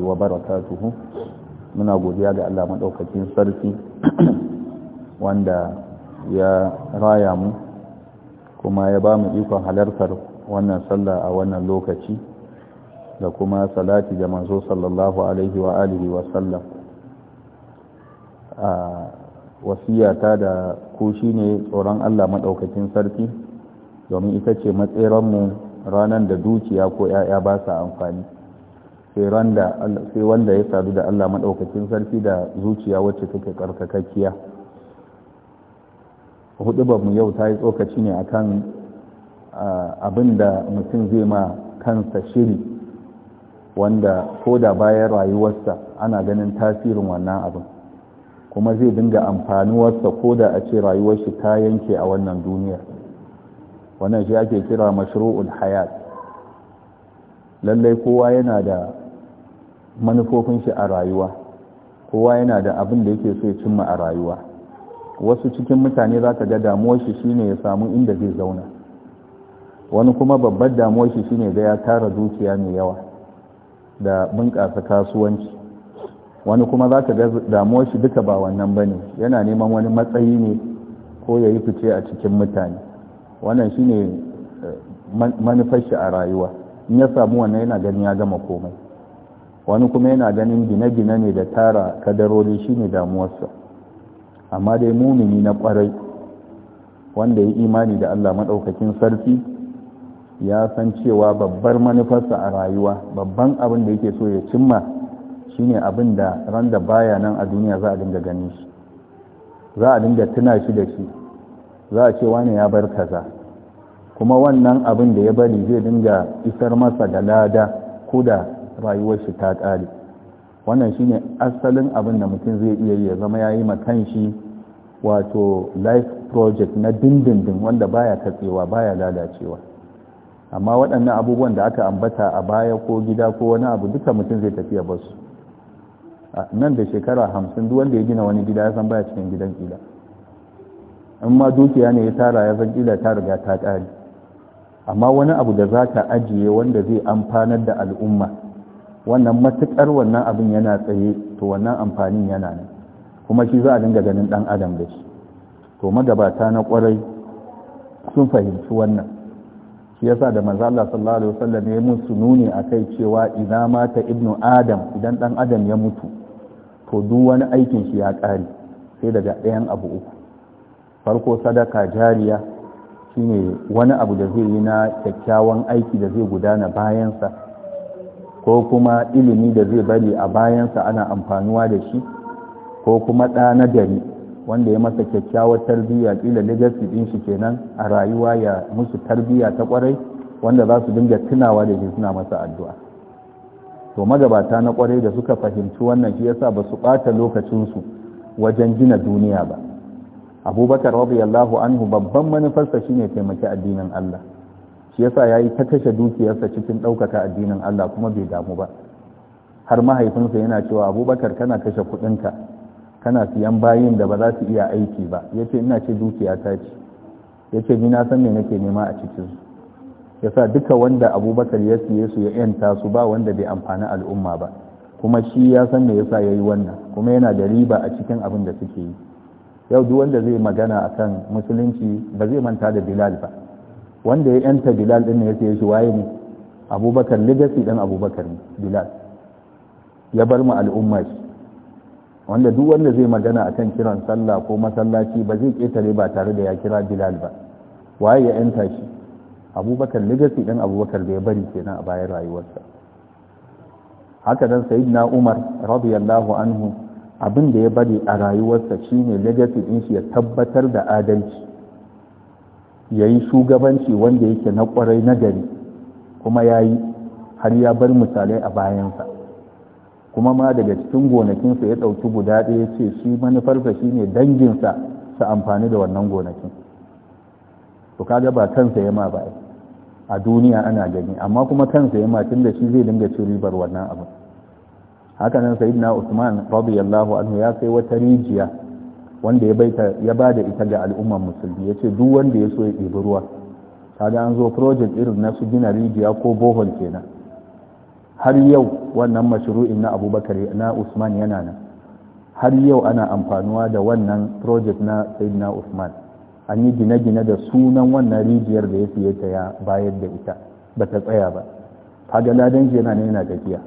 wa barakatuhu muna godiya ga Allah madaukakin sarki wanda ya raya mu kuma ya ba mu ikon halartar wannan sallah a wannan lokaci da kuma salati da manzo sallallahu alaihi wa alihi wa sallam a wasiyata da ku shine tsoron Allah madaukakin sarki domin ita ce mu ranar da dukiya ko 'ya'ya ba sa amfani sai wanda ya sadu da Allah maɗaukacin sarki da zuciya wacce take ƙarfakakkiya hudu ba mu yau ta yi tsokaci ne akan abin da mutum zai ma kansa shiri wanda ko da bayan rayuwarsa ana ganin tasirin wannan abin kuma zai dinga amfanuwarsa ko da a ce rayuwar shi ta yanke a wannan duniyar wannan shi ake kira mashru'ul hayat lallai kowa yana da manufofin shi a rayuwa kowa yana da abin da yake so ya cimma a rayuwa wasu cikin mutane za ka ga damuwar shi shine ya samu inda zai zauna wani kuma babbar damuwar shi shine ga ya tara zuciya mai yawa da bunƙasa kasuwanci wani kuma za ka ga damuwar shi duka ba wannan ba ne yana neman wani matsayi ne ko ya yi fice a cikin mutane wannan shine eh, manufar shi a rayuwa in ya samu wannan yana ganin ya gama komai wani kuma yana ganin gine-gine ne da tara kadaroli shine damuwarsa amma dai mumini na kwarai wanda ya imani da Allah maɗaukakin sarki ya san cewa babbar manufarsa a rayuwa babban abin da yake so ya cimma shine abin da ran da baya nan a duniya za a dinga ganin shi za a dinga tuna shi da shi za a ce wani ya bar kaza kuma wannan abin da ya bari zai dinga isar masa da lada ko da rayuwar shi ta ƙare wannan shine asalin abin da mutum zai iya yi ya zama ya yi makan shi wato life project na dindindin wanda baya katsewa baya lalacewa amma waɗannan abubuwan da aka ambata a baya ko gida ko wani abu duka mutum zai tafiya ba su nan da shekara hamsin duk wanda ya gina wani gida ya san baya cikin gidan kila in ma dukiya ne ya tara ya san kila ta riga ta ƙare amma wani abu da za ka ajiye wanda zai amfanar da al'umma wannan matuƙar wannan abin yana tsaye to wannan amfanin yana nan kuma shi za a dinga ganin ɗan adam da shi to magabata na ƙwarai sun fahimci wannan shi yasa da manzo Allah sallallahu alaihi wasallam ya musu nuni kai cewa ina mata ibnu adam idan ɗan adam ya mutu to duk wani aikin shi ya ƙare sai daga ɗayan abu uku farko sadaka jariya shine wani abu da zai yi na kyakkyawan aiki da zai gudana bayansa ko kuma ilimi da zai bari a bayansa ana amfanuwa da shi ko kuma ɗa na gari wanda ya masa kyakkyawar tarbiyya ƙila legacy ɗin shi kenan a rayuwa ya musu tarbiyya ta ƙwarai wanda za su dinga tunawa da shi suna masa addu'a to magabata na ƙwarai da suka fahimci wannan shi yasa ba su ɓata lokacinsu wajen gina duniya ba abubakar radiyallahu anhu babban manufarsa shine taimaki addinin Allah shi yasa ya yi ta kashe dukiyarsa cikin ɗaukaka addinin Allah kuma bai damu ba har mahaifinsa yana cewa abubakar kana kashe kuɗinka kana siyan bayin da ba za su iya aiki ba ya ce ina ce dukiya ta ce ya ce ni na san me nake nema a cikin su ya sa duka wanda abubakar ya siye su ya yanta su ba wanda bai amfani al'umma ba kuma shi ya san me yasa ya yi wannan kuma yana da riba a cikin abin da suke yi yau duk wanda zai magana akan musulunci ba zai manta da bilal ba wanda ya yanta bilal din ne ya saye shi waye ne abubakar legacy dan abubakar ne bilal ya bar mu al'umma shi wanda duk wanda zai magana akan kiran sallah ko masallaci ba zai ketare ba tare da ya kira bilal ba waye ya yanta shi abubakar legacy dan abubakar da ya bari kenan a bayan rayuwarsa haka dan sayyidina umar radiyallahu anhu abin da ya bari a rayuwarsa shine legacy din shi ya tabbatar da adalci ya yi shugabanci wanda yake na kwarai na gari kuma ya yi har ya bar misalai a bayansa kuma ma daga cikin gonakinsa ya ɗauki guda ɗaya ya ce shi manufarsa shi ne danginsa su amfani da wannan gonakin to kaga ba kansa ya ma bai a duniya ana gani amma kuma kansa ya tun da shi zai dinga ci ribar wannan abu haka nan sayyidina usman radiyallahu anhu ya kai wata rijiya wanda ya baita ya bada ita ga al'ummar musulmi ya ce duk wanda ya so ya ɗebi ruwa kaga an zo project irin na su gina rijiya ko bohol kenan har yau wannan mashru'in na Abubakar na Usman yana nan har yau ana amfanuwa da wannan project na Sayyidina Usman an yi gine-gine da sunan wannan rijiyar da ya siye ta ya bayar da ita ba ta tsaya ba kaga ladan yana ne yana tafiya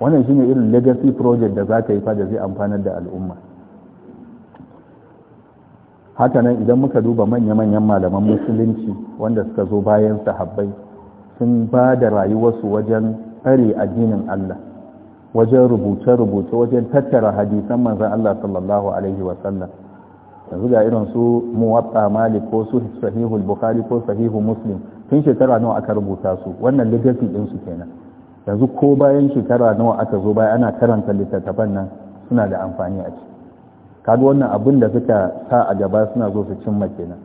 wannan shine irin legacy project da za ka yi fa da zai amfanar da al'umma hakanan idan muka duba manya-manyan malaman musulunci wanda suka zo bayan sahabbai sun ba da rayuwarsu wajen tsare addinin Allah wajen rubuce-rubuce wajen tattara hadisan manzan Allah sallallahu Alaihi wasallam yanzu ga irin su muwatta malik ko su sahihu bukhari ko sahihu muslim tun shekara nawa aka rubuta su wannan legacy din su kenan yanzu ko bayan shekara nawa aka zo baya ana karanta littattafan nan suna da amfani a ciki kaga wannan abin da suka sa a gaba suna zo su cimma kenan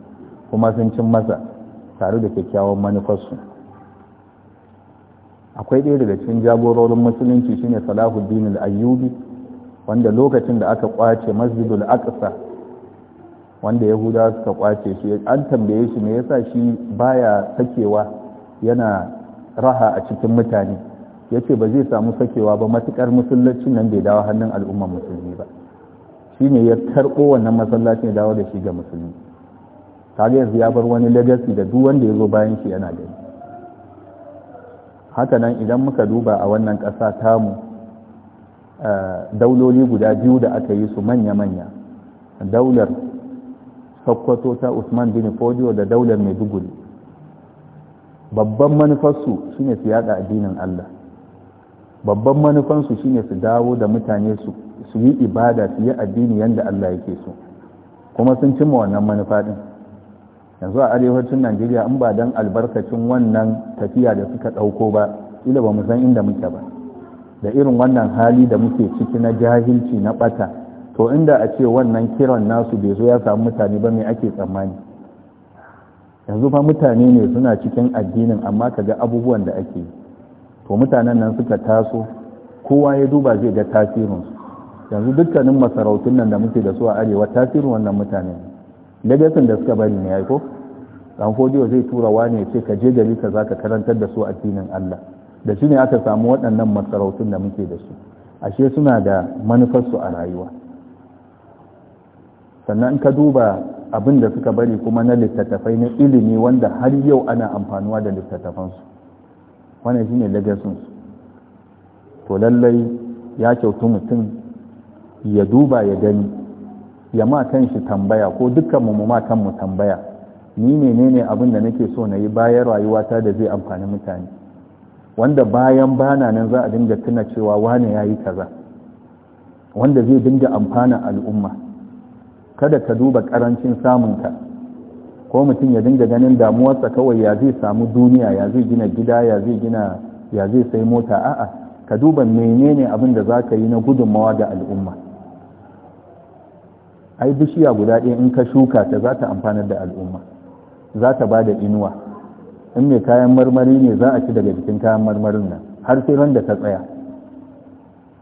kuma sun cin masa tare da kyakkyawan manufarsu akwai ɗaya daga cikin jagororin musulunci shine salahuddin al-ayyubi wanda lokacin da aka kwace al aqsa wanda yahudawa suka kwace shi an tambaye shi me yasa shi baya sakewa yana raha a cikin mutane yace ba zai samu sakewa ba matukar musulunci nan bai dawo hannun al'ummar musulmi ba ne ya tarko wannan masallaci ya dawo da shi ga musulmi kaga yanzu ya bar wani legacy da duk wanda ya zo bayan shi yana gani haka nan idan muka duba a wannan ƙasa tamu eh, dauloli guda biyu da aka yi su manya-manya daular sokoto ta usman bin fodiyo da daular maiduguri babban manufarsu shine su yaɗa addinin allah babban manufansu shine su dawo da mutane su yi ibada su yi addini yadda Allah yake so kuma sun cimma wannan manufa din yanzu a arewacin Najeriya in ba dan albarkacin wannan tafiya da suka dauko ba ila ba mu san inda muke ba da irin wannan hali da muke ciki na jahilci na bata to inda a ce wannan kiran nasu bai zo ya samu mutane ba me ake tsammani yanzu fa mutane ne suna cikin addinin amma kaga abubuwan da ake yi Ko mutanen nan suka taso kowa ya duba zai ga tasirinsu yanzu dukkanin masarautun nan da muke da su a arewa tasirin wannan mutane legasin da suka bari ne ya ko dan fodiyo zai tura wani ya ce ka je gari ka za ka karantar da su addinin Allah da shi ne aka samu waɗannan masarautun da muke da su ashe suna da manufarsu a rayuwa sannan ka duba abin da suka bari kuma na littattafai na ilimi wanda har yau ana amfanuwa da littattafansu wannan shine legasin to lallai ya kyautu mutum ya duba ya gani ya ma kan shi tambaya ko dukkan mu ma mu tambaya ni menene abin da nake so na yi bayan rayuwata da zai amfani mutane wanda bayan bana nan za a dinga tuna cewa wane ya yi kaza wanda zai dinga amfana al'umma kada ka duba karancin samunka ko mutum ya dinga ganin damuwarsa kawai ya zai samu duniya ya zai gina gida ya zai gina ya zai sai mota a'a ka duba menene abin da za ka yi na gudunmawa ga al'umma ai bishiya guda ɗaya in ka shuka ta za ta amfanar da al'umma za ta ba da inuwa in mai kayan marmari ne za a ci daga jikin kayan marmarin nan har sai ran da ta tsaya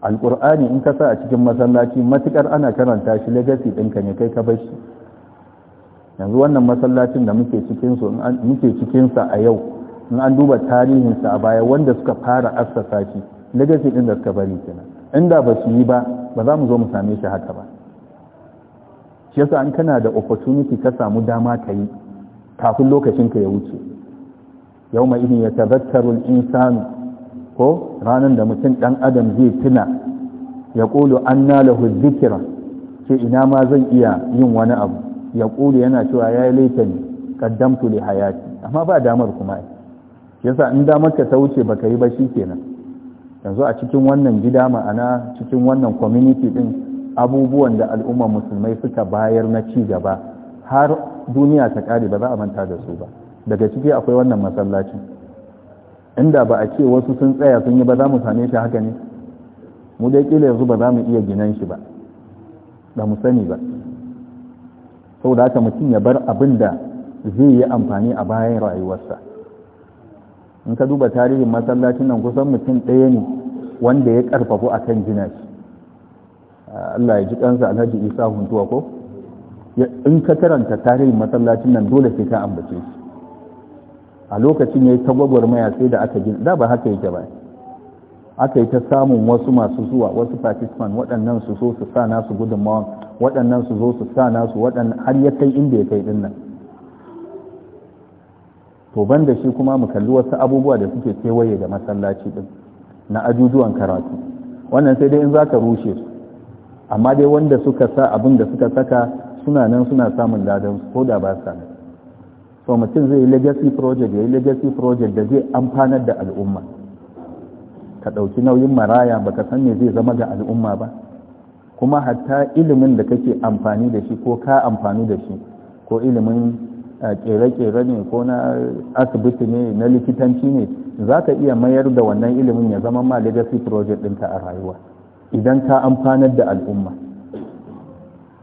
alƙur'ani in ka sa a cikin masallaci matuƙar ana karanta shi legacy ɗinka ne kai ka bar shi yanzu wannan masallacin da muke cikinsa a yau in an duba tarihinsa a baya wanda suka fara assasa shi legacy ɗin da suka bari kenan inda ba su yi ba ba za mu zo mu same shi haka ba shi yasa an kana da opportunity ka samu dama ka yi kafin lokacin lokacinka ya wuce yau mai ihin ya tabbatarul insanu ko ranar da mutum dan adam zai tuna ya ƙolo an na lahu zikira ce ina ma zan iya yin wani abu ya ƙuli yana cewa ya yi laifin kaddamtu li hayati amma ba damar kuma yi yasa in damar ka ta wuce ba ka yi ba shi kenan yanzu a cikin wannan gida ma'ana cikin wannan community din abubuwan da al'ummar musulmai suka bayar na ci gaba har duniya ta kare ba za a manta da su ba daga ciki akwai wannan masallacin inda ba a ce wasu sun tsaya sun yi ba za mu same shi haka ne mu dai kila yanzu ba za mu iya ginan shi ba ba mu sani ba Sau da haka mutum ya bar abin da zai yi amfani a bayan rayuwarsa in ka duba tarihin masallacin nan kusan mutum ɗaya ne wanda ya ƙarfafu a kan gina shi Allah ya ji kansa alhaji isa huntuwa ko in ka karanta tarihin masallacin nan dole sai ka ambace shi a lokacin ya yi ta gwagwarmaya sai da aka gina da ba haka yake ba aka yi ta samun wasu masu zuwa wasu pakistan waɗannan su so su sa nasu gudunmawa waɗannan su zo su sa nasu waɗannan har ya kai inda ya kai ɗin nan to ban da shi kuma mu kalli wasu abubuwa da suke kewaye da masallaci din na ajujuwan karatu wannan sai dai in za ka rushe su amma dai wanda suka sa abin da suka saka suna nan suna samun ladan su ko da ba sa nan so mutum zai yi legacy project ya yi legacy project da zai amfanar da al'umma ka ɗauki nauyin maraya baka san me zai zama ga al'umma ba kuma hatta ilimin da kake amfani da shi ko ka amfani da shi ko ilimin eh, kere-kere ne ko na asibiti ne na likitanci ne za ka iya mayar da wannan ilimin ya zama ma legacy project ɗinka a rayuwa idan ka amfanar da al'umma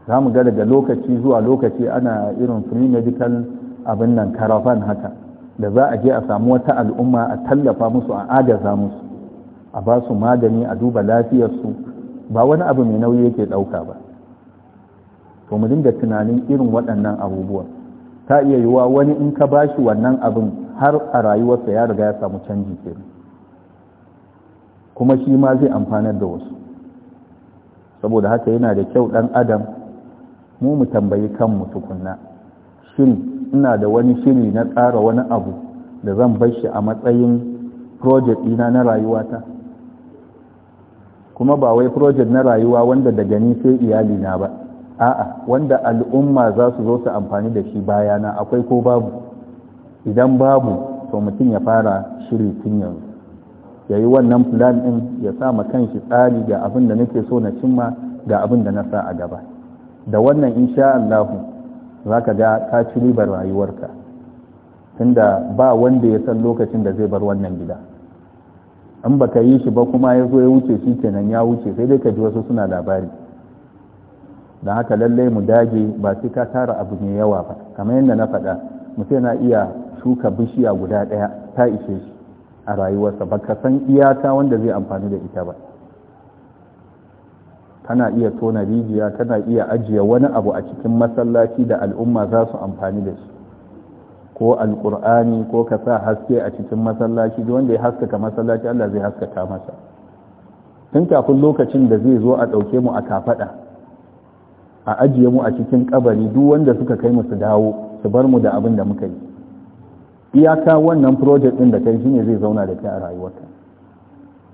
za mu ga daga lokaci zuwa lokaci ana irin free medical abin nan karafan haka da za a je a samu wata al'umma a tallafa musu a agaza musu a ba su magani a duba lafiyarsu ba wani abu mai nauyi yake ɗauka ba to mu dinga tunanin irin waɗannan abubuwa ta iya yiwa wani in ka bashi wannan abin har a rayuwarsa ya riga ya samu canji ke. kuma shi ma zai amfanar da wasu saboda haka yana da kyau ɗan adam mu mu tambayi kanmu tukunna shin ina da wani shiri na tsara wani abu da zan bar shi a matsayin project ɗina na rayuwata kuma ba wai project na rayuwa wanda daga ni sai iyali na ba a'a wanda al'umma za su zo su amfani da shi bayana akwai ko babu idan babu to mutum ya fara shiri tun yanzu ya yi wannan plan ɗin ya sa ma kan shi tsari ga abin da nake so na cimma ga abin da na sa a gaba da wannan insha Allah za ka ga ka ci ribar rayuwarka tunda ba wanda ya san lokacin da zai bar wannan gida in baka yi shi ba kuma ya zo ya wuce shi kenan ya wuce sai dai ka ji wasu suna labari don haka lallai mu dage ba sai ka tara abu mai yawa ba kamar yadda na faɗa mutum na iya shuka bishiya guda ɗaya ta ishe shi a rayuwarsa ba ka san iyaka wanda zai amfani da ita ba kana iya tona rijiya kana iya ajiye wani abu a cikin masallaci da al'umma za su amfani da shi ko alkur'ani ko ka sa haske a cikin masallaci da wanda ya haskaka masallaci Allah zai haskaka masa tun kafin lokacin da zai zo a ɗauke mu a kafaɗa a ajiye mu a cikin kabari duk wanda suka kai mu su dawo su bar mu da abin da muka yi iyaka wannan project ɗin da kai shine zai zauna da kai a rayuwarka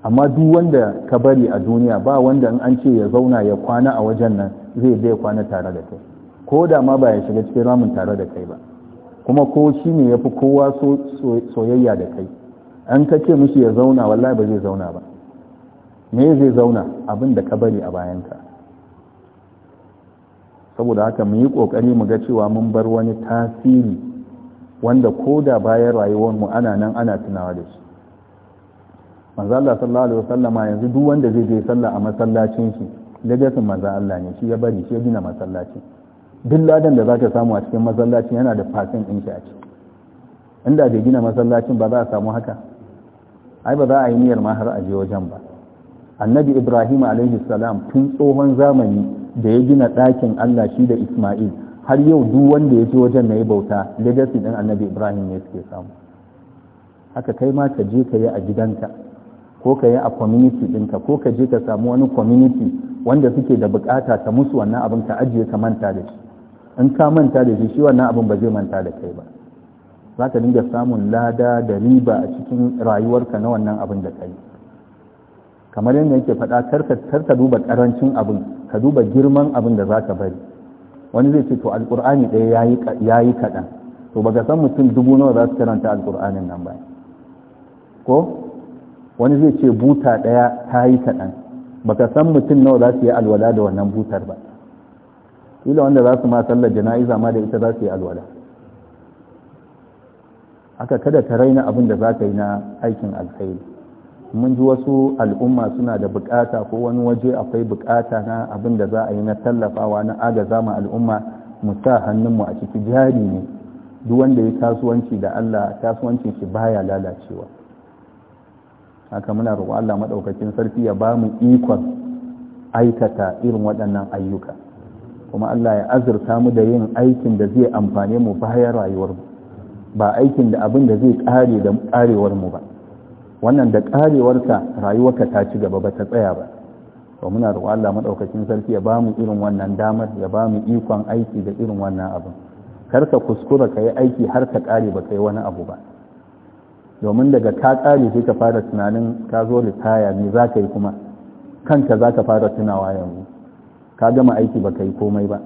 amma duk wanda ka bari a duniya ba wanda in an ce ya zauna ya kwana a wajen nan zai bai kwana tare da kai ko da ma ba ya shiga cikin ramin tare da kai ba kuma ko shi ne ya fi kowa soyayya da kai an ka ce mishi ya zauna wallahi ba zai zauna ba me zai zauna abin da ka bari a bayanka saboda haka mu yi ƙoƙari mu ga cewa mun bar wani tasiri wanda ko da bayan rayuwarmu ana nan ana tunawa da shi manzo Allah sallallahu alaihi wasallama yanzu duk wanda zai je sallah a masallacin shi lagasin manzo Allah ne shi ya bari shi ya gina masallacin duk da za ta samu a cikin masallacin yana da fasin ɗin shi a ciki inda bai gina masallacin ba za a samu haka ai ba za a yi niyyar ma har a je wajen ba annabi ibrahim alaihi salam tun tsohon zamani da ya gina ɗakin allah shi da isma'il har yau duk wanda ya je wajen na yi bauta legacy ɗin annabi ibrahim ne suke samu haka kai ma ka je ka yi a gidanka ko ka yi a community ɗinka ko ka je ka samu wani community wanda suke da bukata ta musu wannan abin ka ajiye ka manta da shi in ka manta da shi wannan abin ba zai manta da kai ba za ka dinga samun lada da riba a cikin rayuwarka na wannan abin da kai kamar yadda yake faɗa kar ka duba ƙarancin abin ka duba girman abin da za ka bari wani zai ce to alƙur'ani ɗaya ya yi kaɗan to ba ka san mutum dubu nawa za su karanta alƙur'anin nan ba ko wani zai ce buta ɗaya ta yi kaɗan ba ka san mutum nawa za su yi alwala da wannan butar ba ila wanda za su ma sallar jana'iza ma da ita za su yi alwala aka kada ka raina abin da za ka yi na aikin alkhairi mun ji wasu al'umma suna da bukata ko wani waje akwai bukata na abin da za a yi na tallafawa na agaza ma al'umma mu sa hannunmu a ciki jari ne duk wanda ya kasuwanci da Allah kasuwanci shi baya lalacewa haka muna roƙo Allah madaukakin sarki ya ba mu ikon aikata irin waɗannan ayyuka kuma Allah ya azurta mu da yin aikin da zai amfane mu bayan rayuwar mu ba aikin da abin da zai kare da karewar mu ba wannan da karewarka rayuwarka ta ci gaba ba ta tsaya ba to muna roƙo Allah madaukakin sarki ya ba mu irin wannan damar ya ba mu ikon aiki da irin wannan abin kar ka kuskura ka yi aiki har ka kare ba kai wani abu ba domin daga ka kare sai ka fara tunanin ka zo ritaya me za ka yi kuma kanka za ka fara tunawa yanzu ka gama aiki ba ka yi komai ba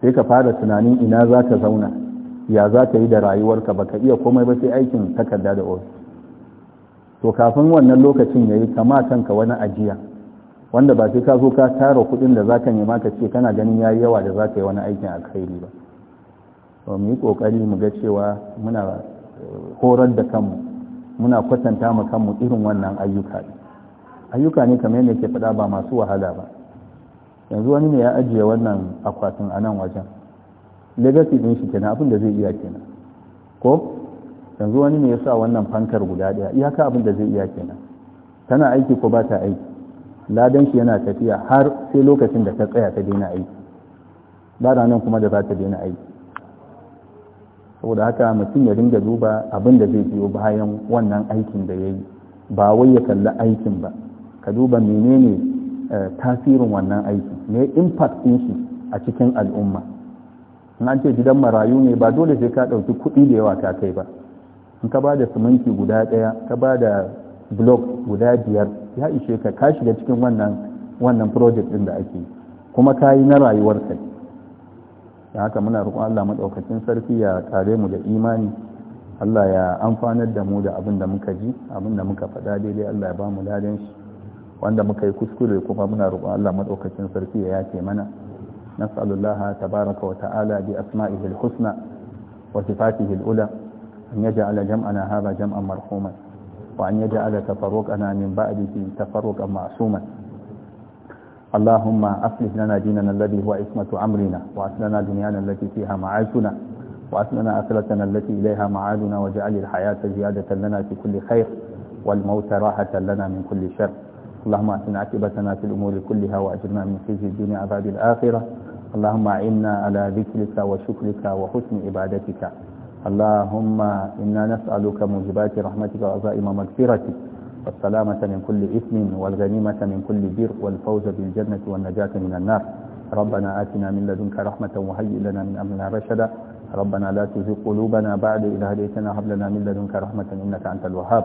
sai ka fara tunanin ina za ka zauna ya za ka yi da rayuwarka ba ka iya komai ba sai aikin takarda da ofis to kafin wannan lokacin ya yi kama kanka wani ajiya wanda ba sai ka zo ka tara kuɗin da za ka nema ka ce kana ganin ya yawa da za ka yi wani aikin a kairi ba to mu yi ƙoƙari mu ga cewa muna eh, horar da kanmu muna kwatanta mu kanmu irin wannan ayyuka ayyuka ne kamar yadda ke faɗa ba masu wahala ba yanzu wani ne ya ajiye wannan akwatin a nan wajen legacy din shi kenan abin da zai iya kenan ko yanzu wani ne ya sa wannan fankar guda daya iyaka abin da zai iya kenan tana aiki ko ba ta aiki ladan shi yana tafiya har sai lokacin da ta tsaya ta daina aiki ba nan kuma da za ta daina aiki saboda haka mutum ya dinga duba abin da zai biyo bayan wannan aikin da ya yi ba wai ya kalli aikin ba ka duba menene eh, tasirin wannan aiki me impact din shi a cikin al'umma in an ce gidan marayu ne ba dole sai ka ɗauki kuɗi da yawa ka kai ba in ka ba da siminti guda ɗaya ka ba da blok guda biyar ya ishe ka ka shiga cikin wannan wannan project ɗin da ake kuma ka yi na rayuwar ka da haka muna roƙon Allah maɗaukacin sarki ya tare mu da imani Allah ya amfanar da mu da abin da muka ji abin da muka faɗa daidai Allah ya ba mu ladan shi wanda muka yi kuskure kuma muna roƙon Allah madaukakin sarki ya yace mana nas'alu Allah tabaaraka wa ta'ala bi asma'ihi al-husna wa sifatihi al-ula an yaj'ala jam'ana hadha jam'an marhuman wa an yaj'ala tafarruqana min ba'dihi tafarruqan ma'suman اللهم أصلح لنا ديننا الذي هو عصمة أمرنا وأصلنا دنيانا التي فيها معاشنا وأصلنا آخرتنا التي إليها معادنا وجعل الحياة زيادة لنا في كل خير والموت راحة لنا من كل شر اللهم أتنا عاقبتنا في الأمور كلها وأجرنا من خزي الدنيا عذاب الآخرة اللهم أعنا على ذكرك وشكرك وحسن عبادتك اللهم إنا نسألك موجبات رحمتك وعزائم مغفرتك والسلامة من كل إثم والغنيمة من كل بر والفوز بالجنة والنجاة من النار ربنا آتنا من لدنك رحمة وهيئ لنا من أمرنا رشدا ربنا لا تزغ قلوبنا بعد إذ هديتنا هب لنا من لدنك رحمة إنك أنت الوهاب